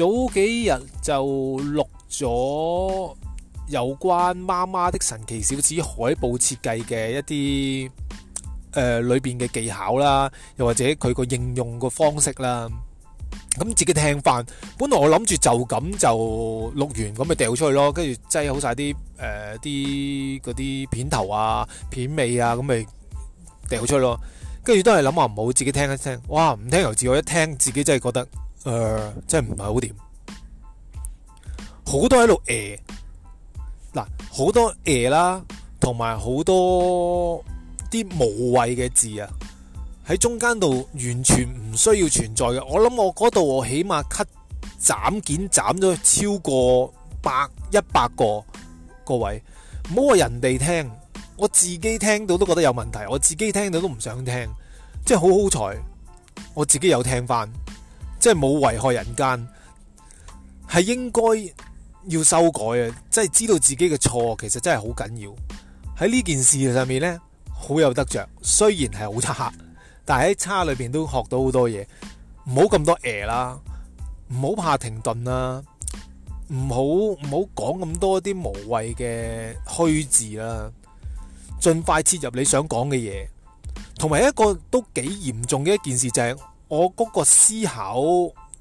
早幾日就錄咗有關《媽媽的神奇小子》海報設計嘅一啲誒、呃、裏邊嘅技巧啦，又或者佢個應用個方式啦。咁、嗯、自己聽翻，本來我諗住就咁就錄完，咁咪掉出去咯。跟住擠好晒啲誒啲啲片頭啊、片尾啊，咁咪掉出去咯。跟住都係諗話唔好自己聽一聽，哇！唔聽由自我一聽，自己真係覺得。誒、呃，真係唔係好掂，好多喺度誒，嗱，好多誒、呃、啦，同埋好多啲無謂嘅字啊，喺中間度完全唔需要存在嘅。我諗我嗰度我起碼 cut 斬件斬咗超過百一百個個位。各位唔好話人哋聽，我自己聽到都覺得有問題，我自己聽到都唔想聽，即係好好彩，我自己有聽翻。即係冇危害人間，係應該要修改。即係知道自己嘅錯，其實真係好緊要。喺呢件事上面呢，好有得着。雖然係好差，但係喺差裏邊都學到好多嘢。唔好咁多誒、呃、啦，唔好怕停頓啦，唔好唔好講咁多啲無謂嘅虛字啦。盡快切入你想講嘅嘢，同埋一個都幾嚴重嘅一件事，就係、是。我嗰個思考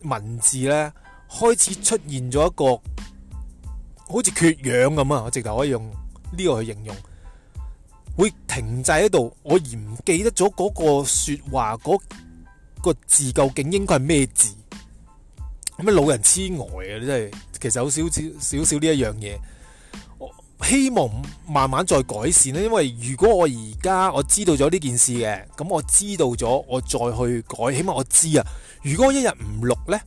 文字咧，開始出現咗一個好似缺氧咁啊！我直頭可以用呢個去形容，會停滯喺度，我而唔記得咗嗰個說話嗰個字究竟應該係咩字。咁咩老人痴呆啊？真係，其實好少少少呢一樣嘢。希望慢慢再改善咧，因為如果我而家我知道咗呢件事嘅，咁我知道咗，我再去改，起碼我知啊。如果我一日唔錄呢，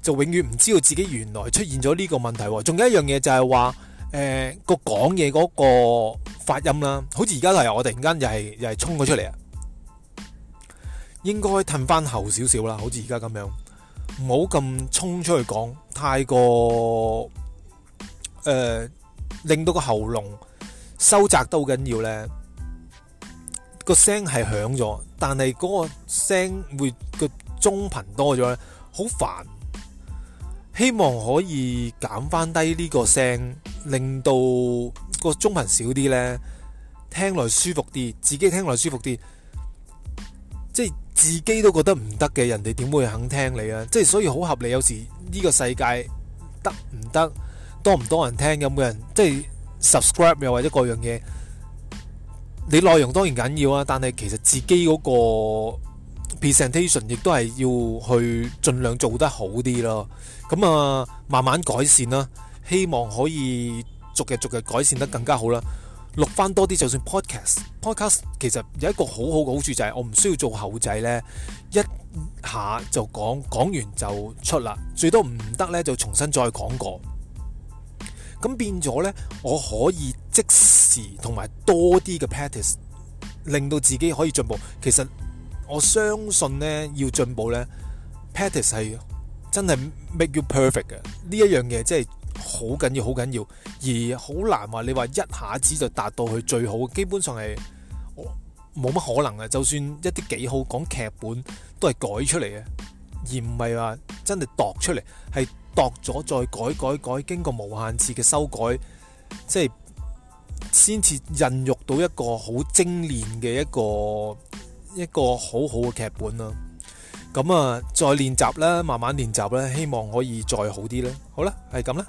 就永遠唔知道自己原來出現咗呢個問題。仲有一樣嘢就係、呃、話，誒個講嘢嗰個發音啦，好似而家都係我突然間又係又係衝咗出嚟啊，應該褪翻後少少啦，好似而家咁樣，唔好咁衝出去講，太過、呃令到個喉嚨收窄都緊要呢。個聲係響咗，但係嗰個聲會、個中頻多咗，好煩。希望可以減翻低呢個聲，令到個中頻少啲呢。聽落舒服啲，自己聽落舒服啲。即係自己都覺得唔得嘅，人哋點會肯聽你啊？即係所以好合理，有時呢個世界得唔得？多唔多人聽，有冇人，即係 subscribe 又或者各樣嘢。你內容當然緊要啊，但係其實自己嗰個 presentation 亦都係要去盡量做得好啲咯。咁啊，慢慢改善啦，希望可以逐日逐日改善得更加好啦。錄翻多啲，就算 podcast podcast 其實有一個好好嘅好處就係、是、我唔需要做後製呢，一下就講講完就出啦。最多唔得呢就重新再講過。咁變咗呢，我可以即時同埋多啲嘅 practice，令到自己可以進步。其實我相信呢，要進步呢，practice 係真係 make you perfect 嘅。呢一樣嘢真係好緊要，好緊要，而好難話你話一下子就達到去最好。基本上係冇乜可能嘅。就算一啲幾好講劇本，都係改出嚟嘅，而唔係話真係度出嚟係。度咗再改改改，經過無限次嘅修改，即係先至孕育到一個好精煉嘅一個一個好好嘅劇本啦。咁啊，再練習啦，慢慢練習啦，希望可以再好啲啦。好啦，係咁啦。